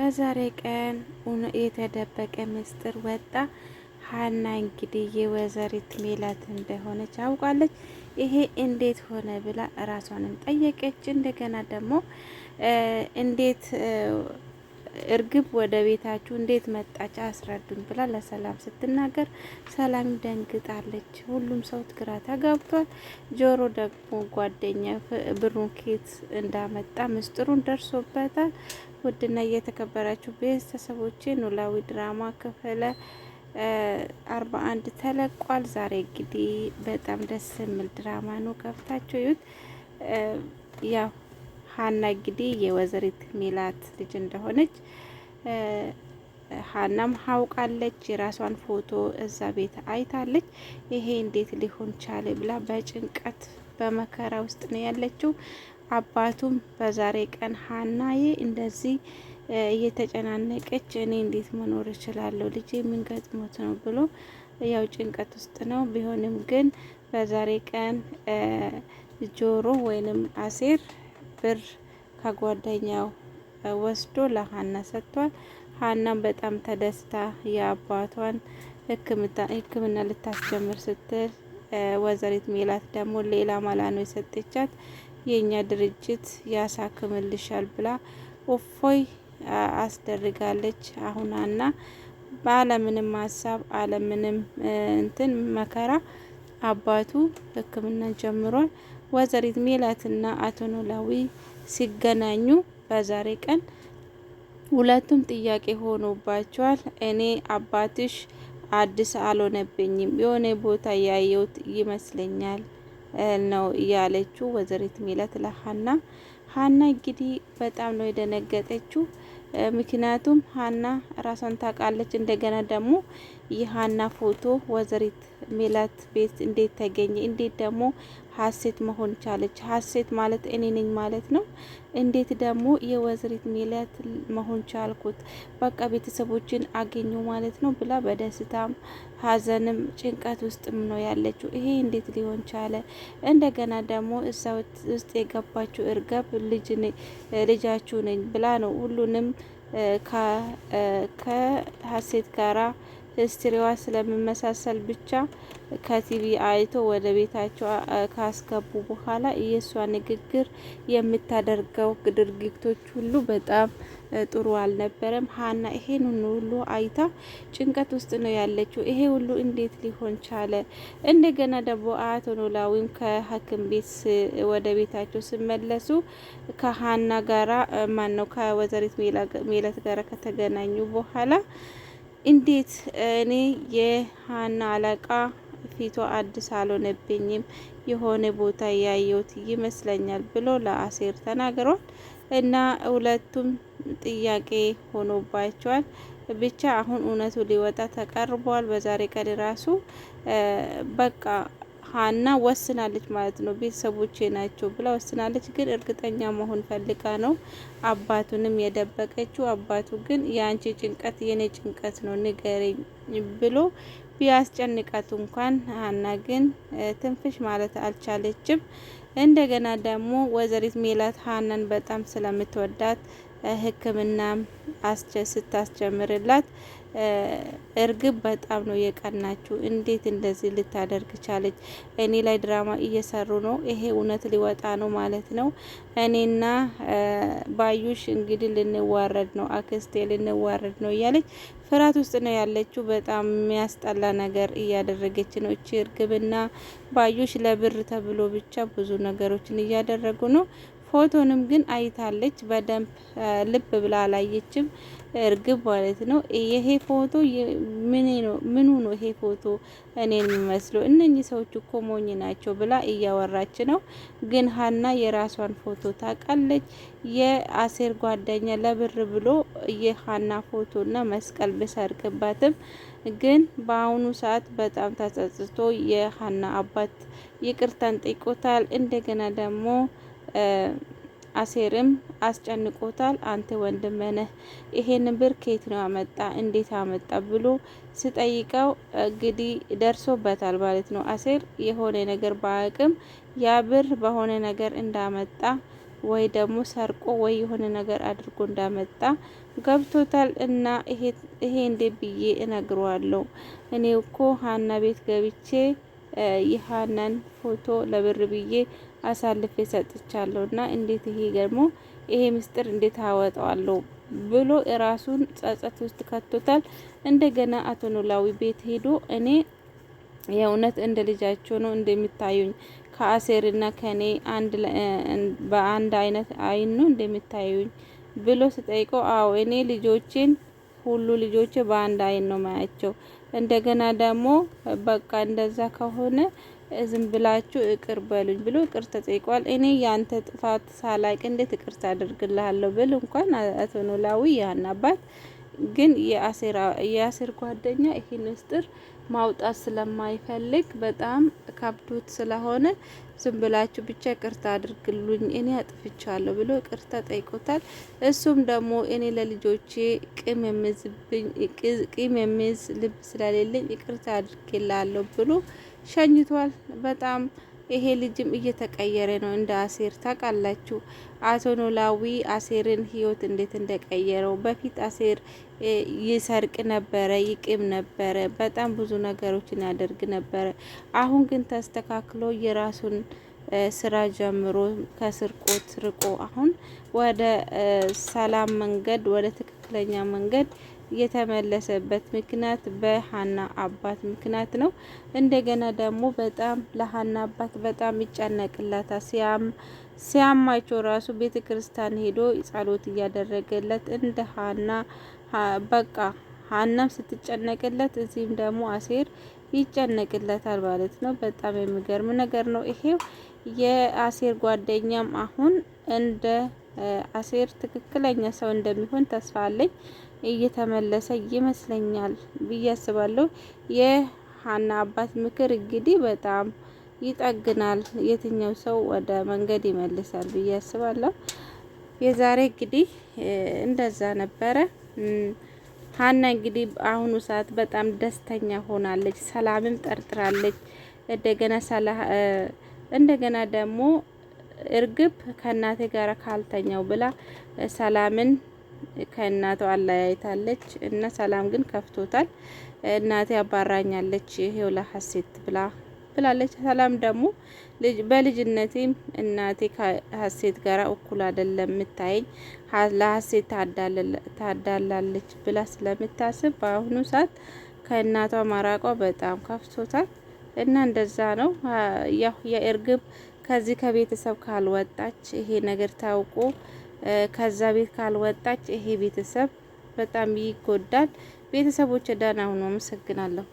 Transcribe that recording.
በዛሬ ቀን የተደበቀ ምስጢር ወጣ። ሀና እንግዲህ የወይዘሪት ሜላት እንደሆነች አውቃለች። ይሄ እንዴት ሆነ ብላ እራሷንም ጠየቀች። እንደገና ደግሞ እንዴት እርግብ ወደ ቤታችሁ እንዴት መጣች አስረዱን ብላ ለሰላም ስትናገር ሰላም ደንግጣለች። ሁሉም ሰው ትግራ ተጋብቷል። ጆሮ ደግሞ ጓደኛ ብሩን ኬት እንዳመጣ ምስጢሩን ደርሶበታል። ውድና እየተከበራችሁ ቤተሰቦቼ ኖላዊ ድራማ ክፍለ አርባ አንድ ተለቋል። ዛሬ እንግዲህ በጣም ደስ የሚል ድራማ ነው። ከፍታችሁ ይዩት። ያው ሀና እንግዲህ የወይዘሪት ሜላት ልጅ እንደሆነች ሀናም ሀውቃለች። የራሷን ፎቶ እዛ ቤት አይታለች። ይሄ እንዴት ሊሆን ቻለ ብላ በጭንቀት በመከራ ውስጥ ነው ያለችው። አባቱም በዛሬ ቀን ሀናዬ እንደዚህ እየተጨናነቀች እኔ እንዴት መኖር እችላለሁ? ልጄ ምን ገጥሞት ነው ብሎ ያው ጭንቀት ውስጥ ነው። ቢሆንም ግን በዛሬ ቀን ጆሮ ወይንም አሴር ብር ከጓደኛው ወስዶ ለሀና ሰጥቷል። ሀናም በጣም ተደስታ የአባቷን ሕክምና ልታስጀምር ስትል ወይዘሪት ሜላት ደግሞ ሌላ ማላ ነው የሰጠቻት። የእኛ ድርጅት ያሳክምልሻል ብላ ኦፎይ አስደርጋለች። አሁን አለምንም በአለምንም ሀሳብ አለምንም እንትን መከራ አባቱ ህክምና ጀምሯል። ወይዘሪት ሜላትና አቶ ኖላዊ ሲገናኙ በዛሬ ቀን ሁለቱም ጥያቄ ሆኖባቸዋል። እኔ አባትሽ አዲስ አልሆነብኝም፣ የሆነ ቦታ ያየሁት ይመስለኛል ነው ያለችው ወይዘሪት ሚላት ለሀና። ሀና እንግዲህ በጣም ነው የደነገጠችው። ምክንያቱም ሀና ራሷን ታውቃለች። እንደገና ደግሞ የሀና ፎቶ ወይዘሪት ሚላት ቤት እንዴት ተገኘ? እንዴት ደግሞ ሀሴት መሆን ቻለች። ሀሴት ማለት እኔ ነኝ ማለት ነው። እንዴት ደግሞ የወይዘሪት ሜላት መሆን ቻልኩት? በቃ ቤተሰቦችን አገኙ ማለት ነው ብላ በደስታም ሀዘንም ጭንቀት ውስጥም ነው ያለችው። ይሄ እንዴት ሊሆን ቻለ? እንደገና ደግሞ እዛ ውስጥ የገባችው እርግብ ልጃችሁ ነኝ ብላ ነው ሁሉንም ከሀሴት ጋራ ሂስትሪዋ ስለምመሳሰል ብቻ ከቲቪ አይቶ ወደ ቤታቸው ካስገቡ በኋላ የእሷ ንግግር የምታደርገው ድርጊቶች ሁሉ በጣም ጥሩ አልነበረም። ሀና ይሄን ሁሉ አይታ ጭንቀት ውስጥ ነው ያለችው። ይሄ ሁሉ እንዴት ሊሆን ቻለ? እንደገና ደግሞ አቶ ኖላዊም ከሐኪም ቤት ወደ ቤታቸው ሲመለሱ ከሀና ጋራ ማን ነው ከወይዘሪት ሜላት ጋራ ከተገናኙ በኋላ እንዴት እኔ የሀና አለቃ ፊቷ አዲስ አልሆነብኝም የሆነ ቦታ ያየሁት ይመስለኛል ብሎ ለአሴር ተናግሯል። እና ሁለቱም ጥያቄ ሆኖባቸዋል። ብቻ አሁን እውነቱ ሊወጣ ተቀርቧል። በዛሬ ቀን ራሱ በቃ ሀና ወስናለች ማለት ነው። ቤተሰቦቼ ናቸው ብላ ወስናለች። ግን እርግጠኛ መሆን ፈልጋ ነው አባቱንም የደበቀችው። አባቱ ግን የአንቺ ጭንቀት የኔ ጭንቀት ነው ንገረኝ ብሎ ቢያስጨንቃት እንኳን ሀና ግን ትንፍሽ ማለት አልቻለችም። እንደገና ደግሞ ወይዘሪት ሜላት ሀናን በጣም ስለምትወዳት ሕክምናም ስታስጀምርላት እርግብ በጣም ነው የቀናችሁ። እንዴት እንደዚህ ልታደርግ ቻለች? እኔ ላይ ድራማ እየሰሩ ነው። ይሄ እውነት ሊወጣ ነው ማለት ነው። እኔና ባዩሽ እንግዲህ ልንዋረድ ነው፣ አክስቴ ልንዋረድ ነው እያለች ፍርሃት ውስጥ ነው ያለችው። በጣም የሚያስጠላ ነገር እያደረገች ነው እቺ እርግብና ባዩሽ። ለብር ተብሎ ብቻ ብዙ ነገሮችን እያደረጉ ነው። ፎቶንም ግን አይታለች በደንብ ልብ ብላ አላየችም እርግብ ማለት ነው። ይሄ ፎቶ ምኑ ነው ይሄ ፎቶ እኔን የሚመስለው እነኚህ ሰዎች እኮ ሞኝ ናቸው ብላ እያወራች ነው። ግን ሀና የራሷን ፎቶ ታውቃለች። የአሴር ጓደኛ ለብር ብሎ የሀና ፎቶና መስቀል ብሰርቅባትም ግን በአሁኑ ሰዓት በጣም ተጸጽቶ የሀና አባት ይቅርታን ጠይቆታል። እንደገና ደግሞ አሴርም አስጨንቆታል። አንተ ወንድም ነህ፣ ይሄን ብር ከየት ነው አመጣ እንዴት አመጣ ብሎ ስጠይቀው እንግዲህ ደርሶበታል ማለት ነው። አሴር የሆነ ነገር በአቅም ያ ብር በሆነ ነገር እንዳመጣ ወይ ደግሞ ሰርቆ ወይ የሆነ ነገር አድርጎ እንዳመጣ ገብቶታል። እና ይሄ እንዴ ብዬ እነግረዋለሁ። እኔ እኮ ሀና ቤት ገብቼ የሀናን ፎቶ ለብር ብዬ አሳልፌ ሰጥቻለሁ እና እንዴት ይሄ ገርሞ ይሄ ምስጢር እንዴት አወጣዋለሁ ብሎ ራሱን ጸጸት ውስጥ ከቶታል። እንደገና አቶ ኖላዊ ቤት ሄዶ እኔ የእውነት እንደ ልጃቸው ነው እንደሚታዩኝ ከአሴርና ከኔ አንድ በአንድ አይነት አይን ነው እንደሚታዩኝ ብሎ ስጠይቀው፣ አዎ እኔ ልጆቼን ሁሉ ልጆቼ በአንድ አይን ነው ማያቸው። እንደገና ደግሞ በቃ እንደዛ ከሆነ ዝም ብላችሁ ይቅር በሉኝ ብሎ እቅር ተጠይቋል። እኔ ያንተ ጥፋት ሳላቅ እንዴት እቅር ታደርግልሃለሁ ብል እንኳን አቶ ኖላዊ ያን አባት ግን የአሴር ጓደኛ ይህን ምስጢር ማውጣት ስለማይፈልግ በጣም ከብዶት ስለሆነ ዝም ብላችሁ ብቻ ቅርታ አድርግሉኝ እኔ አጥፍቻለሁ ብሎ ቅርታ ጠይቆታል። እሱም ደግሞ እኔ ለልጆቼ ቂም የሚይዝ ልብ ስለሌለኝ ቅርታ አድርግላለሁ ብሎ ሸኝቷል። በጣም ይሄ ልጅም እየተቀየረ ነው እንደ አሴር ታውቃላችሁ። አቶ ኖላዊ አሴርን ህይወት እንዴት እንደቀየረው በፊት አሴር ይሰርቅ ነበረ፣ ይቅም ነበረ፣ በጣም ብዙ ነገሮችን ያደርግ ነበረ። አሁን ግን ተስተካክሎ የራሱን ስራ ጀምሮ ከስርቆት ርቆ አሁን ወደ ሰላም መንገድ ወደ ትክክለኛ መንገድ የተመለሰበት ምክንያት በሀና አባት ምክንያት ነው። እንደገና ደግሞ በጣም ለሀና አባት በጣም ይጨነቅላታል። ሲያም ሲያማቸው ራሱ ቤተ ክርስቲያን ሄዶ ጸሎት እያደረገለት እንደ ሀና በቃ ሀናም ስትጨነቅለት እዚህም ደግሞ አሴር ይጨነቅለታል ማለት ነው። በጣም የሚገርም ነገር ነው። ይሄው የአሴር ጓደኛም አሁን እንደ አሴር ትክክለኛ ሰው እንደሚሆን ተስፋ አለኝ። እየተመለሰ ይመስለኛል ብዬ አስባለሁ። የሀና አባት ምክር እንግዲህ በጣም ይጠግናል። የትኛው ሰው ወደ መንገድ ይመልሳል ብዬ አስባለሁ። የዛሬ እንግዲህ እንደዛ ነበረ። ሀና እንግዲህ በአሁኑ ሰዓት በጣም ደስተኛ ሆናለች። ሰላምም ጠርጥራለች። እንደገና ሰላ እንደገና ደግሞ እርግብ ከእናቴ ጋር ካልተኛው ብላ ሰላምን ከእናቷ አለያይታለች። እነ ሰላም ግን ከፍቶታል። እናቴ አባራኛለች ይሄው ለሀሴት ብላ ብላለች። ሰላም ደግሞ በልጅነቴም እናቴ ከሀሴት ጋር እኩል አይደለም የምታየኝ፣ ለሀሴት ታዳላለች ብላ ስለምታስብ በአሁኑ ሰዓት ከእናቷ ማራቋ በጣም ከፍቶታል። እና እንደዛ ነው ያው የእርግብ ከዚህ ከቤተሰብ ካልወጣች ይሄ ነገር ታውቆ ከዛ ቤት ካልወጣች ይሄ ቤተሰብ በጣም ይጎዳል። ቤተሰቦች ደህና ሁኑ። አመሰግናለሁ።